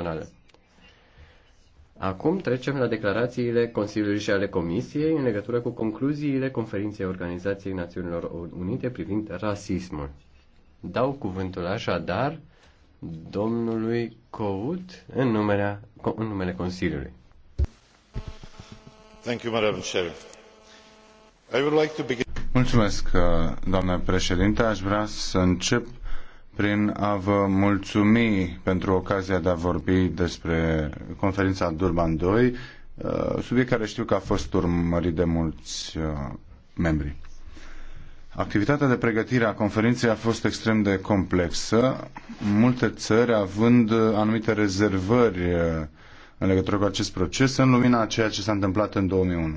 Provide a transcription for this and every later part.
instituțională. Acum trecem la declarațiile Consiliului și ale Comisiei în legătură cu concluziile conferinței Organizației Națiunilor Unite privind rasismul. Dau cuvântul așadar domnului Cout în, numerea, în numele Consiliului. Thank you, Madam Chair. I would like to begin... Mulțumesc, uh, doamnă președinte. Aș vrea să încep prin a vă mulțumi pentru ocazia de a vorbi despre conferința Durban 2, uh, subiect care știu că a fost urmărit de mulți uh, membri. Activitatea de pregătire a conferinței a fost extrem de complexă, multe țări având anumite rezervări uh, în legătură cu acest proces în lumina a ceea ce s-a întâmplat în 2001.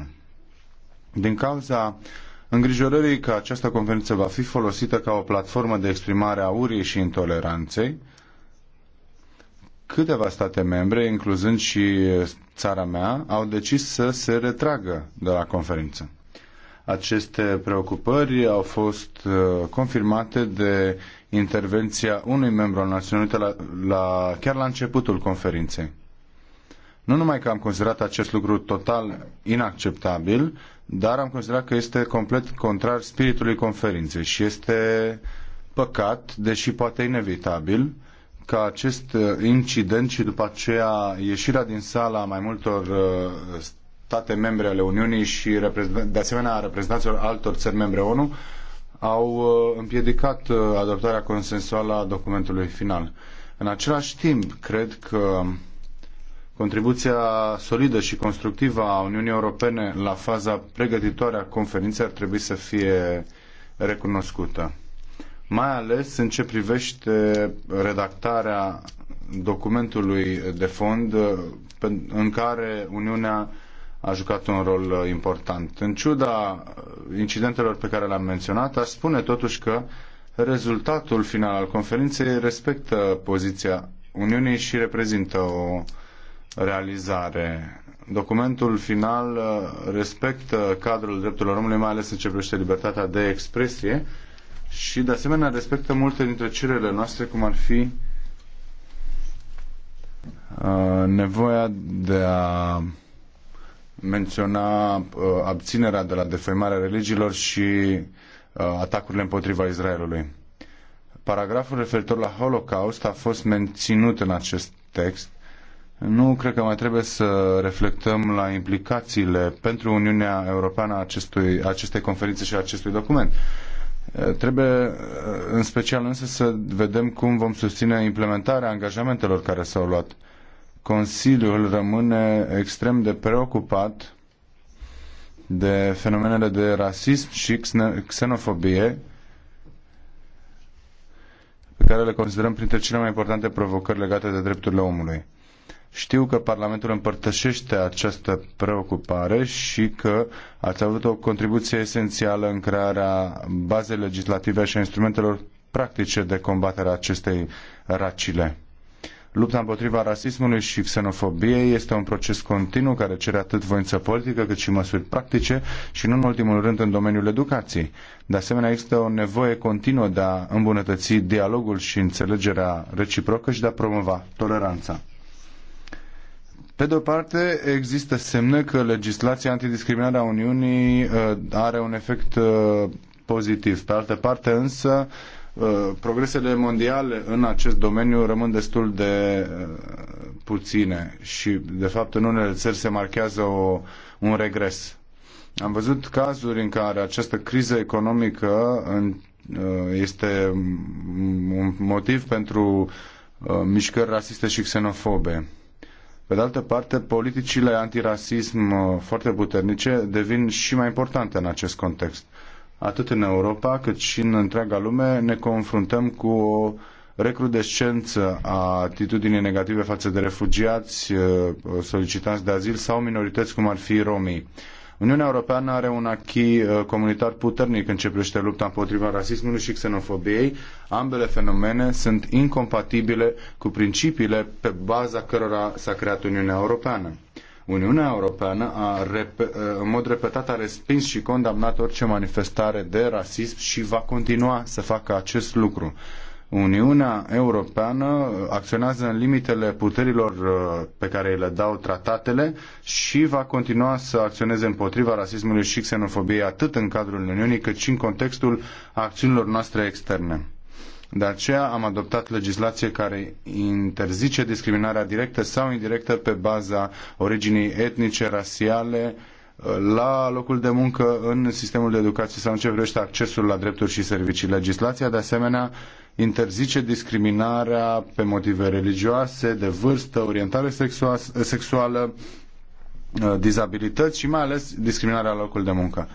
Din cauza uh, îngrijorării că această conferință va fi folosită ca o platformă de exprimare a uriei și intoleranței, câteva state membre, incluzând și țara mea, au decis să se retragă de la conferință. Aceste preocupări au fost uh, confirmate de intervenția unui membru al Națiunilor la, la, chiar la începutul conferinței. Nu numai că am considerat acest lucru total inacceptabil, dar am considerat că este complet contrar spiritului conferinței și este păcat, deși poate inevitabil, ca acest uh, incident și după aceea ieșirea din sala mai multor uh, state membre ale Uniunii și de asemenea a reprezentanților altor țări membre ONU au uh, împiedicat adoptarea consensuală a documentului final. În același timp, cred că Contribuția solidă și constructivă a Uniunii Europene la faza pregătitoare a conferinței ar trebui să fie recunoscută, mai ales în ce privește redactarea documentului de fond în care Uniunea a jucat un rol important. În ciuda incidentelor pe care le-am menționat, aș spune totuși că rezultatul final al conferinței respectă poziția Uniunii și reprezintă o realizare. Documentul final uh, respectă cadrul drepturilor omului, mai ales în ce privește libertatea de expresie și, de asemenea, respectă multe dintre cererile noastre, cum ar fi uh, nevoia de a menționa uh, abținerea de la defăimarea religiilor și atacurile împotriva Israelului. Paragraful referitor la Holocaust a fost menținut în acest text nu cred că mai trebuie să reflectăm la implicațiile pentru Uniunea Europeană a acestui, acestei conferințe și a acestui document. Trebuie în special însă să vedem cum vom susține implementarea angajamentelor care s-au luat. Consiliul rămâne extrem de preocupat de fenomenele de rasism și xenofobie pe care le considerăm printre cele mai importante provocări legate de drepturile omului. Știu că Parlamentul împărtășește această preocupare și că ați avut o contribuție esențială în crearea bazei legislative și a instrumentelor practice de combatere a acestei racile. Lupta împotriva rasismului și xenofobiei este un proces continuu care cere atât voință politică cât și măsuri practice și nu în ultimul rând în domeniul educației. De asemenea, există o nevoie continuă de a îmbunătăți dialogul și înțelegerea reciprocă și de a promova toleranța. Pe de o parte, există semne că legislația antidiscriminare a Uniunii uh, are un efect uh, pozitiv. Pe altă parte, însă, uh, progresele mondiale în acest domeniu rămân destul de puține și, de fapt, în unele țări se marchează o, un regres. Am văzut cazuri în care această criză economică este un motiv pentru mișcări rasiste și xenofobe. Pe de altă parte, politicile antirasism uh, foarte puternice devin și mai importante în acest context. Atât în Europa cât și în întreaga lume ne confruntăm cu o recrudescență a atitudinii negative față de refugiați, uh, solicitanți de azil sau minorități cum ar fi romii. Uniunea Europeană are un acquis uh, comunitar puternic în ce privește lupta împotriva rasismului și xenofobiei. Ambele fenomene sunt incompatibile cu principiile pe baza cărora s-a creat Uniunea Europeană. Uniunea Europeană a, uh, în mod repetat a respins și condamnat orice manifestare de rasism și va continua să facă acest lucru. Uniunea Europeană acționează în limitele puterilor uh, pe care le dau tratatele și va continua să acționeze împotriva rasismului și xenofobiei atât în cadrul Uniunii cât și în contextul acțiunilor noastre externe. De aceea am adoptat legislație care interzice discriminarea directă sau indirectă pe baza originii etnice, rasiale, uh, la locul de muncă, în sistemul de educație sau în ce privește accesul la drepturi și servicii. Legislația, de asemenea, interzice discriminarea pe motive religioase, de vârstă, orientare sexuală, uh, dizabilități și mai ales discriminarea la locul de muncă.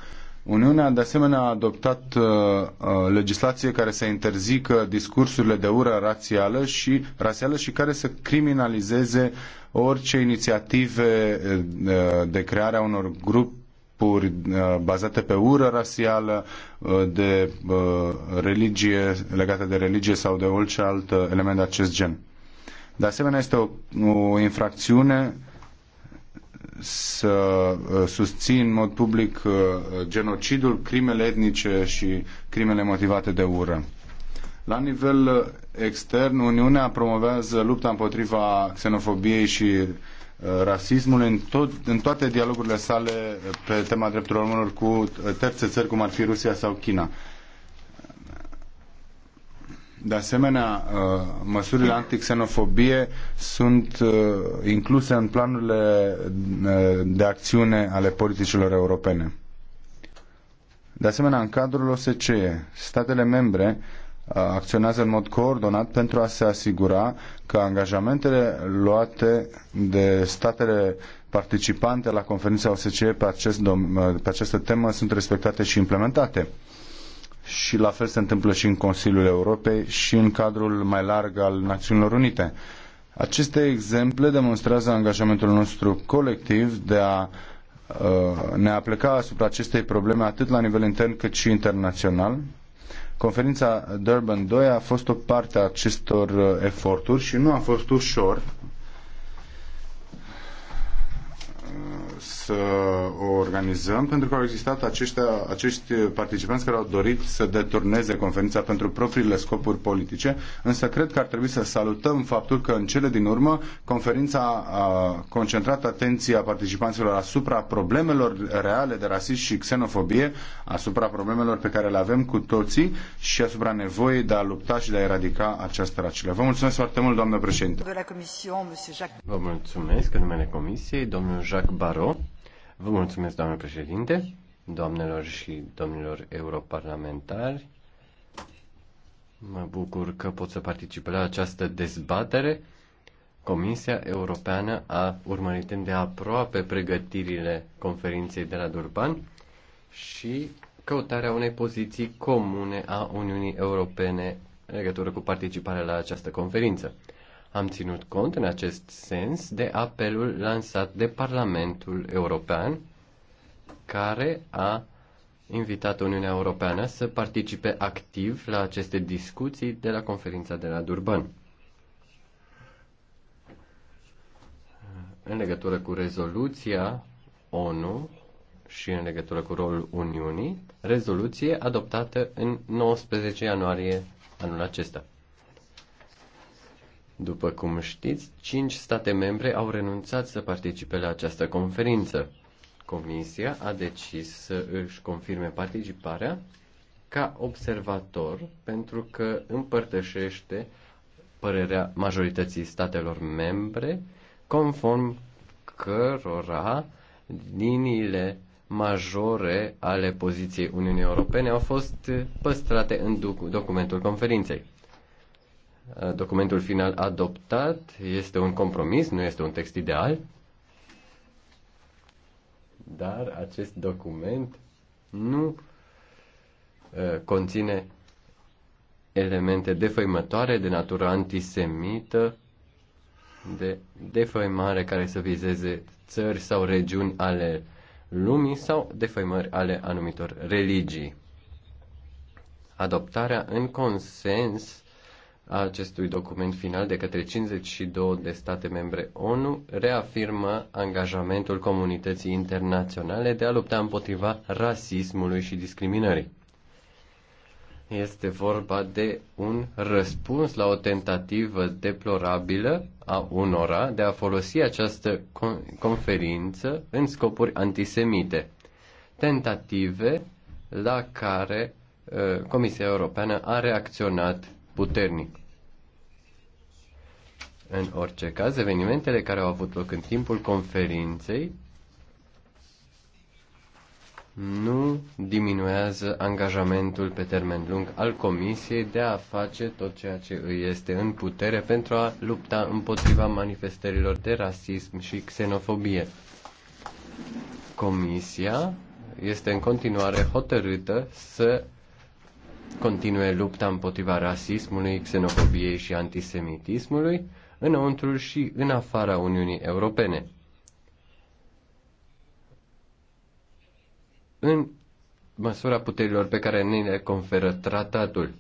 Uniunea, de asemenea, a adoptat uh, uh legislație care să interzică discursurile de ură rațială și, rasială și care să criminalizeze orice inițiative uh, de creare a unor grup, grupuri uh, bazate pe ură rasială, uh, de uh, religie, legate de religie sau de orice alt element de acest gen. De asemenea, este o, o infracțiune să susțin în mod public genocidul, crimele etnice și crimele motivate de ură. La nivel extern, Uniunea promovează lupta împotriva xenofobiei și rasismului în, tot, în toate dialogurile sale pe tema drepturilor omului cu terțe țări, cum ar fi Rusia sau China. De asemenea, uh, măsurile antixenofobie sunt uh, incluse în planurile uh, de acțiune ale politicilor europene. De asemenea, în cadrul OSCE, statele membre acționează în mod coordonat pentru a se asigura că angajamentele luate de statele participante la conferința OSCE pe, acest pe această temă sunt respectate și implementate. Și la fel se întâmplă și în Consiliul Europei și în cadrul mai larg al Națiunilor Unite. Aceste exemple demonstrează angajamentul nostru colectiv de a uh, ne apleca asupra acestei probleme atât la nivel intern cât și internațional Conferința Durban 2 a fost o parte a acestor uh, eforturi și nu a fost ușor să o organizăm, pentru că au existat aceștia, acești participanți care au dorit să deturneze conferința pentru propriile scopuri politice, însă cred că ar trebui să salutăm faptul că în cele din urmă conferința a concentrat atenția participanților asupra problemelor reale de rasism și xenofobie, asupra problemelor pe care le avem cu toții și asupra nevoii de a lupta și de a eradica această racilă. Vă mulțumesc foarte mult, doamnă președinte. Vă mulțumesc în numele Comisiei, domnul Jacques Jacques Barrot. Vă mulțumesc, doamnă președinte, doamnelor și domnilor europarlamentari. Mă bucur că pot să particip la această dezbatere. Comisia Europeană a urmărit de aproape pregătirile conferinței de la Durban și căutarea unei poziții comune a Uniunii Europene în legătură cu participarea la această conferință. Am ținut cont în acest sens de apelul lansat de Parlamentul European, care a invitat Uniunea Europeană să participe activ la aceste discuții de la conferința de la Durban. În legătură cu rezoluția ONU și în legătură cu rolul Uniunii, rezoluție adoptată în 19 ianuarie anul acesta. După cum știți, cinci state membre au renunțat să participe la această conferință. Comisia a decis să își confirme participarea ca observator pentru că împărtășește părerea majorității statelor membre, conform cărora liniile majore ale poziției Uniunii Europene au fost păstrate în documentul conferinței. Uh, documentul final adoptat este un compromis, nu este un text ideal, dar acest document nu uh, conține elemente defăimătoare de natură antisemită, de defăimare care să vizeze țări sau regiuni ale lumii sau defăimări ale anumitor religii. Adoptarea în consens a acestui document final de către 52 de state membre ONU reafirmă angajamentul comunității internaționale de a lupta împotriva rasismului și discriminării. Este vorba de un răspuns la o tentativă deplorabilă a unora de a folosi această conferință în scopuri antisemite. Tentative la care uh, Comisia Europeană a reacționat puternic. În orice caz, evenimentele care au avut loc în timpul conferinței nu diminuează angajamentul pe termen lung al Comisiei de a face tot ceea ce îi este în putere pentru a lupta împotriva manifestărilor de rasism și xenofobie. Comisia este în continuare hotărâtă să continue lupta împotriva rasismului, xenofobiei și antisemitismului înăuntru și în afara Uniunii Europene. În măsura puterilor pe care ne le conferă tratatul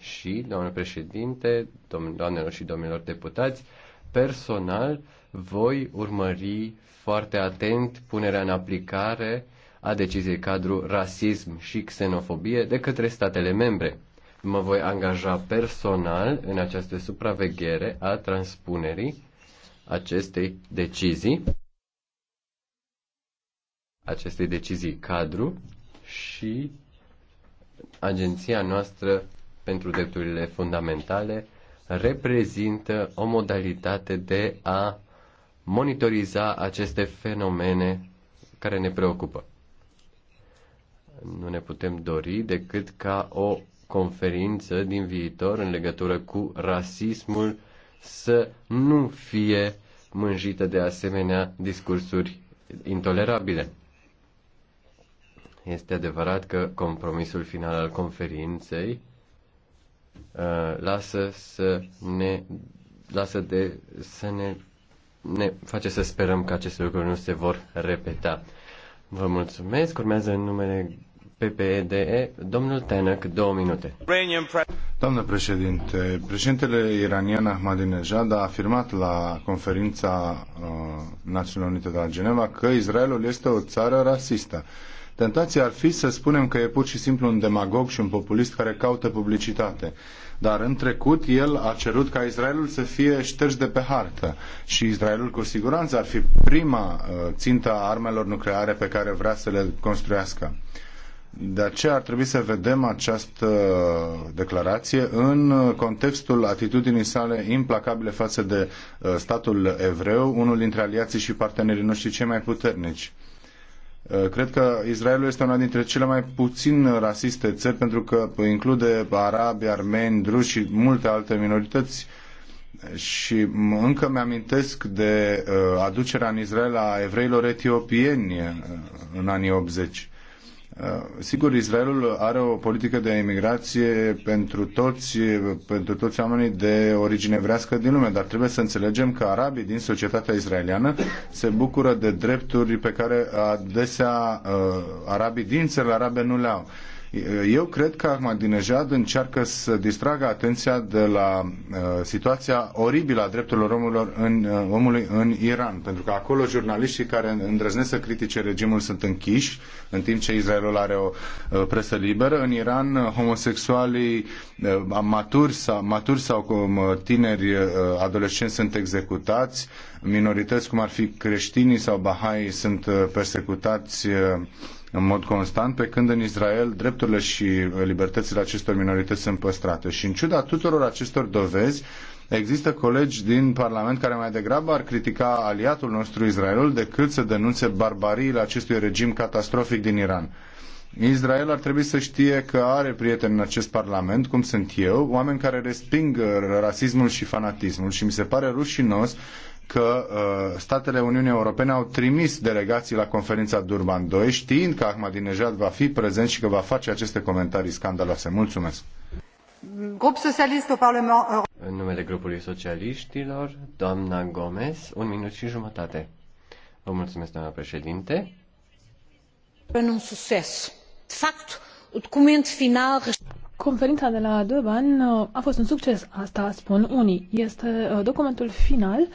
și, domnul președinte, doamnelor și domnilor deputați, personal voi urmări foarte atent punerea în aplicare a deciziei cadru rasism și xenofobie de către statele membre. Mă voi angaja personal în această supraveghere a transpunerii acestei decizii, acestei decizii cadru și agenția noastră pentru drepturile fundamentale reprezintă o modalitate de a monitoriza aceste fenomene care ne preocupă. Nu ne putem dori decât ca o conferință din viitor în legătură cu rasismul să nu fie mânjită de asemenea discursuri intolerabile. Este adevărat că compromisul final al conferinței uh, lasă să ne lasă de să ne ne face să sperăm că aceste lucruri nu se vor repeta. Vă mulțumesc. Urmează în numele PPDE, domnul Tenek, două minute. Doamnă președinte, președintele iranian Ahmadinejad a afirmat la conferința uh, Națiunilor Unite de la Geneva că Israelul este o țară rasistă. Tentația ar fi să spunem că e pur și simplu un demagog și un populist care caută publicitate. Dar în trecut el a cerut ca Israelul să fie șters de pe hartă și Israelul cu siguranță ar fi prima uh, țintă a armelor nucleare pe care vrea să le construiască. De aceea ar trebui să vedem această declarație în contextul atitudinii sale implacabile față de uh, statul evreu, unul dintre aliații și partenerii noștri cei mai puternici. Uh, cred că Israelul este una dintre cele mai puțin rasiste țări pentru că include arabi, armeni, druși și multe alte minorități și încă mi-amintesc de uh, aducerea în Israel a evreilor etiopieni în anii 80 Uh, sigur, Israelul are o politică de imigrație pentru toți, pentru toți oamenii de origine evrească din lume, dar trebuie să înțelegem că arabii din societatea israeliană se bucură de drepturi pe care adesea uh, arabii din țările arabe nu le au. Eu cred că Ahmadinejad încearcă să distragă atenția de la uh, situația oribilă a drepturilor omului în, uh, omului în Iran, pentru că acolo jurnaliștii care îndrăznesc să critique regimul sunt închiși, în timp ce Israelul are o uh, presă liberă. În Iran, homosexualii maturi, sau, maturi sau tineri adolescenți sunt executați, minorități cum ar fi creștinii sau bahai sunt persecutați uh, în mod constant, pe când în Israel drepturile și uh, libertățile acestor minorități sunt păstrate. Și în ciuda tuturor acestor dovezi, există colegi din Parlament care mai degrabă ar critica aliatul nostru Israelul decât să denunțe barbariile acestui regim catastrofic din Iran. Israel ar trebui să știe că are prieteni în acest parlament, cum sunt eu, oameni care resping uh, rasismul și fanatismul și mi se pare rușinos că uh, statele Uniunii Europene au trimis delegații la conferința Durban 2, știind că Ahmadinejad va fi prezent și că va face aceste comentarii scandaloase. Mulțumesc! Socialist În numele grupului socialiștilor, doamna Gomez, un minut și jumătate. Vă mulțumesc, doamna președinte. În un succes. De fapt, document final... Conferința de la Durban uh, a fost un succes, asta spun unii. Este uh, documentul final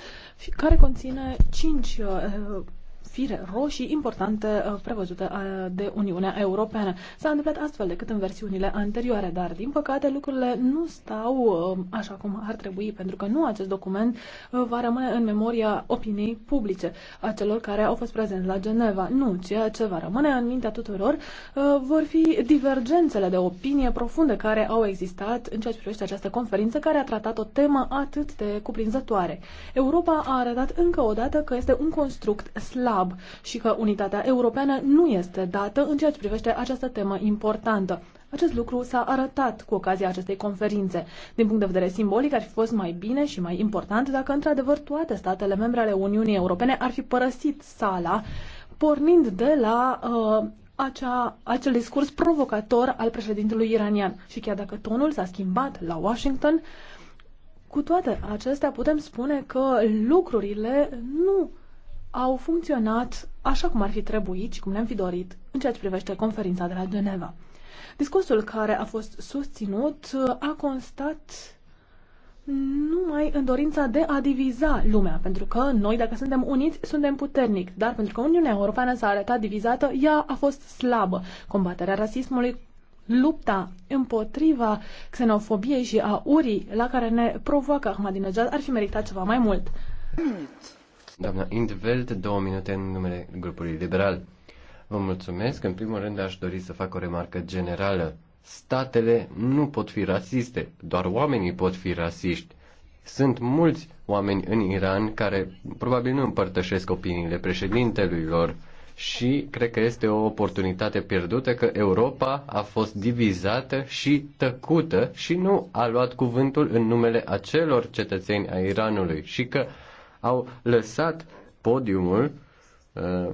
care conține cinci uh, fire roșii importante uh, prevăzute uh, de Uniunea Europeană. S-a întâmplat astfel decât în versiunile anterioare, dar din păcate lucrurile nu stau uh, așa cum ar trebui, pentru că nu acest document va rămâne în memoria opiniei publice a celor care au fost prezenți la Geneva. Nu, ceea ce va rămâne în mintea tuturor vor fi divergențele de opinie profunde care au existat în ceea ce privește această conferință care a tratat o temă atât de cuprinzătoare. Europa a arătat încă o dată că este un construct slab slab și că unitatea europeană nu este dată în ceea ce privește această temă importantă. Acest lucru s-a arătat cu ocazia acestei conferințe. Din punct de vedere simbolic, ar fi fost mai bine și mai important dacă, într-adevăr, toate statele membre ale Uniunii Europene ar fi părăsit sala, pornind de la uh, acea, acel discurs provocator al președintelui iranian. Și chiar dacă tonul s-a schimbat la Washington, cu toate acestea putem spune că lucrurile nu au funcționat așa cum ar fi trebuit și cum ne-am fi dorit în ceea ce privește conferința de la Geneva. Discursul care a fost susținut a constat numai în dorința de a diviza lumea, pentru că noi, dacă suntem uniți, suntem puternici, dar pentru că Uniunea Europeană s-a arătat divizată, ea a fost slabă. Combaterea rasismului, lupta împotriva xenofobiei și a urii la care ne provoacă Ahmadinejad ar fi meritat ceva mai mult. Doamna Indveld, două minute în numele grupului liberal. Vă mulțumesc. În primul rând aș dori să fac o remarcă generală. Statele nu pot fi rasiste, doar oamenii pot fi rasiști. Sunt mulți oameni în Iran care probabil nu împărtășesc opiniile președintelui lor și cred că este o oportunitate pierdută că Europa a fost divizată și tăcută și nu a luat cuvântul în numele acelor cetățeni ai Iranului și că au lăsat podiumul uh,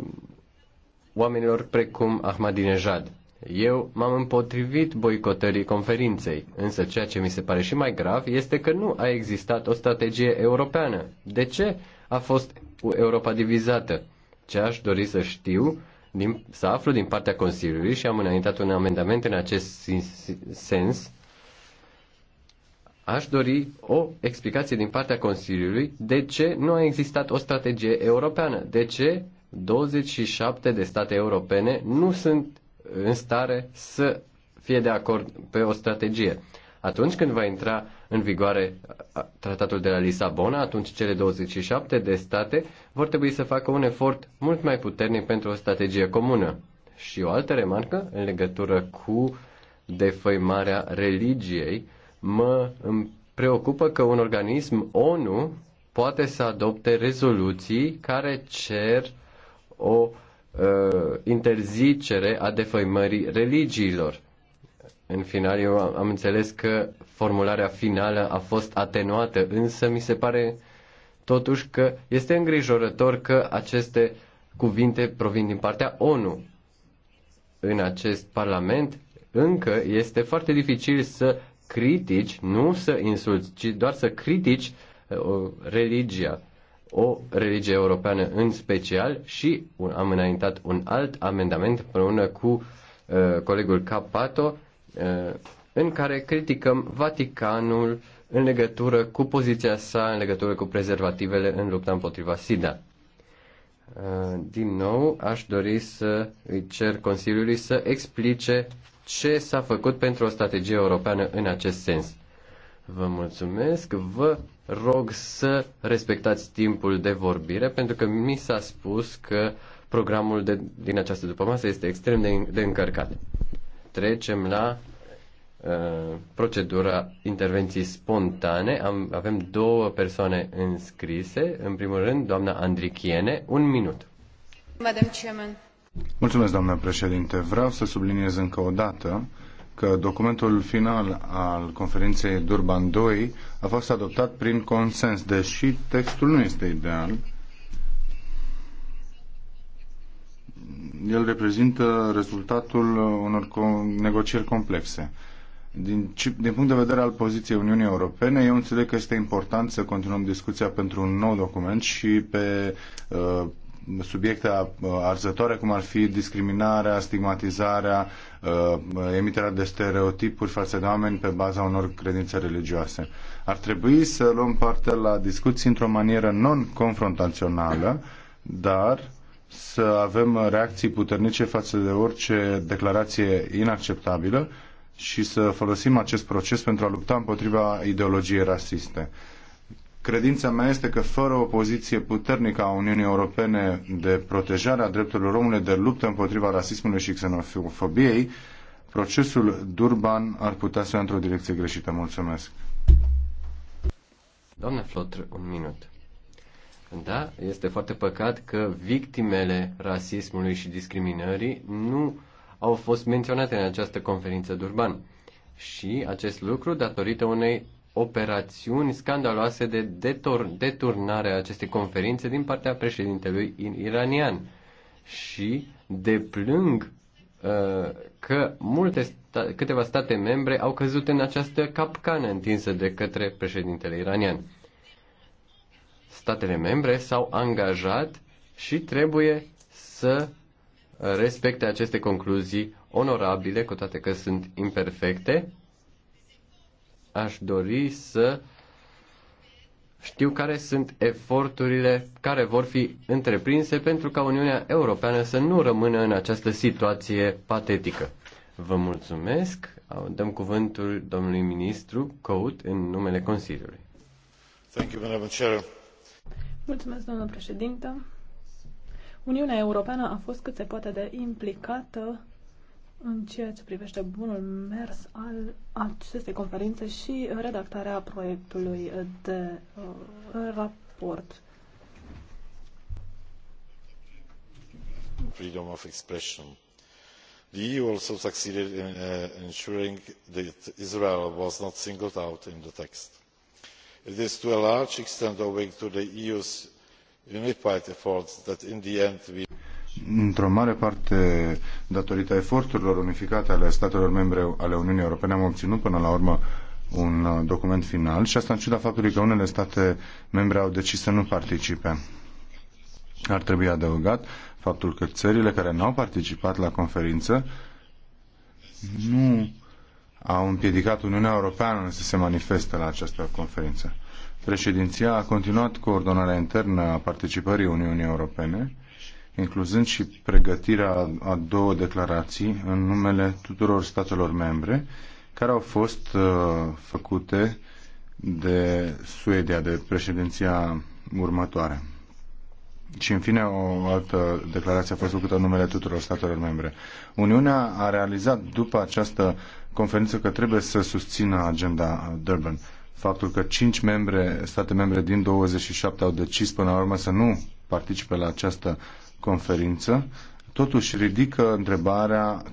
oamenilor precum Ahmadinejad. Eu m-am împotrivit boicotării conferinței, însă ceea ce mi se pare și mai grav este că nu a existat o strategie europeană. De ce a fost Europa divizată? Ce aș dori să știu, din, să aflu din partea Consiliului și am înaintat un amendament în acest sens Aș dori o explicație din partea Consiliului de ce nu a existat o strategie europeană, de ce 27 de state europene nu sunt în stare să fie de acord pe o strategie. Atunci când va intra în vigoare tratatul de la Lisabona, atunci cele 27 de state vor trebui să facă un efort mult mai puternic pentru o strategie comună. Și o altă remarcă în legătură cu defăimarea religiei, mă preocupă că un organism ONU poate să adopte rezoluții care cer o uh, interzicere a defăimării religiilor. În final, eu am, am înțeles că formularea finală a fost atenuată, însă mi se pare totuși că este îngrijorător că aceste cuvinte provin din partea ONU. În acest Parlament încă este foarte dificil să critici, nu să insulți, ci doar să critici uh, religia, o religie europeană în special și am înaintat un alt amendament împreună cu uh, colegul Capato uh, în care criticăm Vaticanul în legătură cu poziția sa, în legătură cu prezervativele în lupta împotriva SIDA. Uh, din nou, aș dori să îi cer Consiliului să explice ce s-a făcut pentru o strategie europeană în acest sens. Vă mulțumesc, vă rog să respectați timpul de vorbire, pentru că mi s-a spus că programul de, din această dupămasă este extrem de, de încărcat. Trecem la uh, procedura intervenții spontane. Am, avem două persoane înscrise. În primul rând, doamna Andrichiene, un minut. Madam Chairman. Mulțumesc, doamnă președinte. Vreau să subliniez încă o dată că documentul final al conferinței Durban 2 a fost adoptat prin consens, deși textul nu este ideal. El reprezintă rezultatul unor negocieri complexe. Din, din punct de vedere al poziției Uniunii Europene, eu înțeleg că este important să continuăm discuția pentru un nou document și pe uh, subiecte arzătoare, cum ar fi discriminarea, stigmatizarea, emiterea de stereotipuri față de oameni pe baza unor credințe religioase. Ar trebui să luăm parte la discuții într-o manieră non-confrontațională, dar să avem reacții puternice față de orice declarație inacceptabilă și să folosim acest proces pentru a lupta împotriva ideologiei rasiste. Credința mea este că fără o poziție puternică a Uniunii Europene de protejare a drepturilor omului, de luptă împotriva rasismului și xenofobiei, procesul Durban ar putea să ia într-o direcție greșită. Mulțumesc. Doamne Flotr, un minut. Da, este foarte păcat că victimele rasismului și discriminării nu au fost menționate în această conferință Durban. Și acest lucru datorită unei operațiuni scandaloase de detor- deturnare a acestei conferințe din partea președintelui iranian și deplâng uh, că multe sta- câteva state membre au căzut în această capcană întinsă de către președintele iranian. Statele membre s-au angajat și trebuie să respecte aceste concluzii onorabile, cu toate că sunt imperfecte, aș dori să știu care sunt eforturile care vor fi întreprinse pentru ca Uniunea Europeană să nu rămână în această situație patetică. Vă mulțumesc. Dăm cuvântul domnului ministru Cout în numele Consiliului. Thank you, Madam Chair. Mulțumesc, domnule președinte. Uniunea Europeană a fost cât se poate de implicată în ceea ce privește bunul mers al acestei conferințe și redactarea proiectului de uh, raport. Freedom of expression. The EU also succeeded in uh, ensuring that Israel was not singled out in the text. It is to a large extent owing to the EU's unified efforts that in the end we într-o mare parte datorită eforturilor unificate ale statelor membre ale Uniunii Europene, am obținut până la urmă un uh, document final și asta în ciuda faptului că unele state membre au decis să nu participe. Ar trebui adăugat faptul că țările care n-au participat la conferință nu au împiedicat Uniunea Europeană să se manifeste la această conferință. Președinția a continuat coordonarea internă a participării Uniunii Europene incluzând și pregătirea a două declarații în numele tuturor statelor membre, care au fost uh, făcute de Suedia, de președinția următoare. Și, în fine, o altă declarație a fost făcută în numele tuturor statelor membre. Uniunea a realizat după această conferință că trebuie să susțină agenda Durban. Faptul că cinci membre, state membre din 27 au decis până la urmă să nu participe la această conferință, totuși ridică întrebarea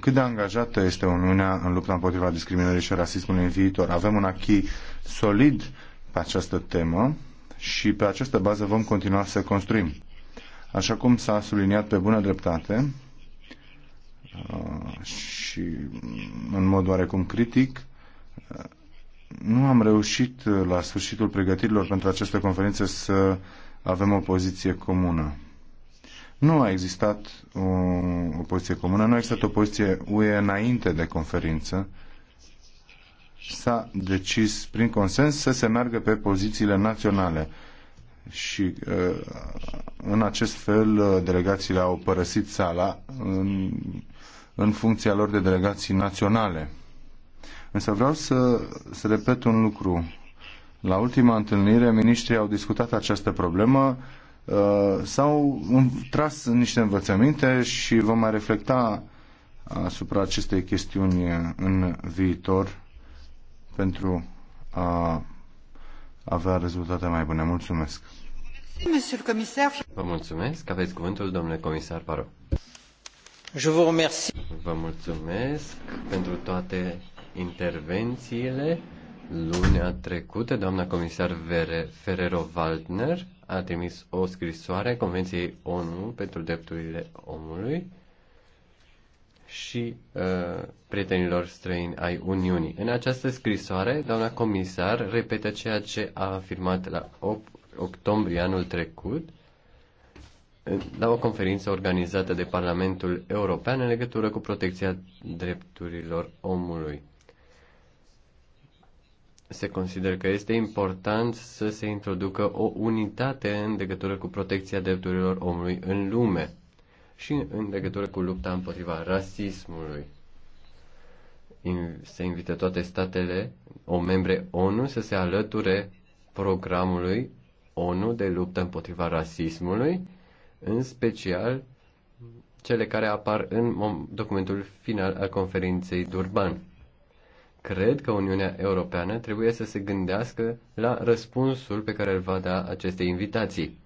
cât de angajată este Uniunea în lupta împotriva discriminării și rasismului în viitor. Avem un achii solid pe această temă și pe această bază vom continua să construim. Așa cum s-a subliniat pe bună dreptate uh, și în mod oarecum critic, uh, nu am reușit la sfârșitul pregătirilor pentru această conferință să avem o poziție comună. Nu a existat o, o poziție comună, nu a existat o poziție UE înainte de conferință. S-a decis prin consens să se meargă pe pozițiile naționale și în acest fel delegațiile au părăsit sala în, în funcția lor de delegații naționale. Însă vreau să, să repet un lucru. La ultima întâlnire, ministrii au discutat această problemă Uh, s-au tras niște învățăminte și vom mai reflecta asupra acestei chestiuni în viitor pentru a avea rezultate mai bune. Mulțumesc! Vă mulțumesc. Aveți cuvântul, domnule comisar Paro. Je vous remercie. Vă mulțumesc pentru toate intervențiile. Lunea trecută, doamna comisar Ferrero-Waldner a trimis o scrisoare Convenției ONU pentru drepturile omului și uh, prietenilor străini ai Uniunii. În această scrisoare, doamna comisar repetă ceea ce a afirmat la 8 octombrie anul trecut la o conferință organizată de Parlamentul European în legătură cu protecția drepturilor omului se consideră că este important să se introducă o unitate în legătură cu protecția drepturilor omului în lume și în legătură cu lupta împotriva rasismului. Se invită toate statele, o membre ONU, să se alăture programului ONU de luptă împotriva rasismului, în special cele care apar în documentul final al conferinței Durban. Cred că Uniunea Europeană trebuie să se gândească la răspunsul pe care îl va da aceste invitații.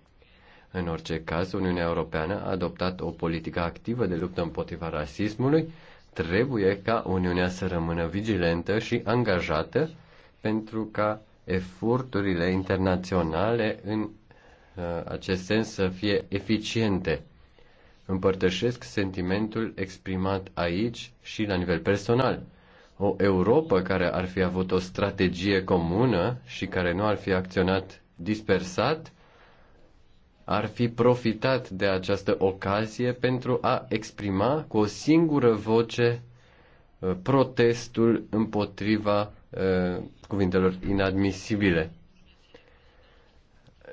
În orice caz, Uniunea Europeană a adoptat o politică activă de luptă împotriva rasismului. Trebuie ca Uniunea să rămână vigilentă și angajată pentru ca eforturile internaționale în uh, acest sens să fie eficiente. Împărtășesc sentimentul exprimat aici și la nivel personal o Europa care ar fi avut o strategie comună și care nu ar fi acționat dispersat, ar fi profitat de această ocazie pentru a exprima cu o singură voce uh, protestul împotriva uh, cuvintelor inadmisibile.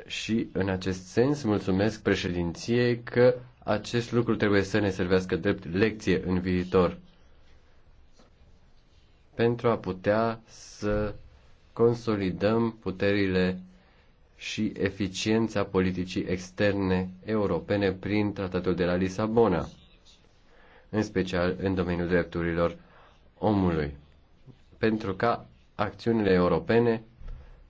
Și în acest sens mulțumesc președinției că acest lucru trebuie să ne servească drept lecție în viitor pentru a putea să consolidăm puterile și eficiența politicii externe europene prin Tratatul de la Lisabona, în special în domeniul drepturilor omului, pentru ca acțiunile europene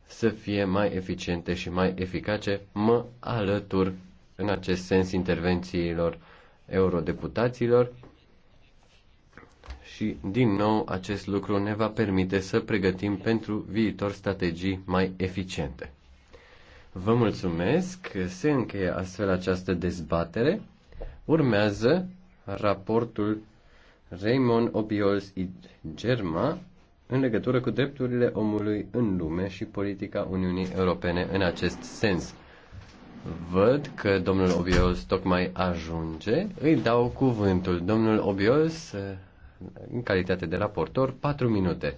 să fie mai eficiente și mai eficace, mă alătur în acest sens intervențiilor eurodeputaților și, din nou, acest lucru ne va permite să pregătim pentru viitor strategii mai eficiente. Vă mulțumesc, se încheie astfel această dezbatere. Urmează raportul Raymond Obiols i Germa în legătură cu drepturile omului în lume și politica Uniunii Europene în acest sens. Văd că domnul Obiols tocmai ajunge. Îi dau cuvântul. Domnul Obiols, în calitate de raportor, patru minute.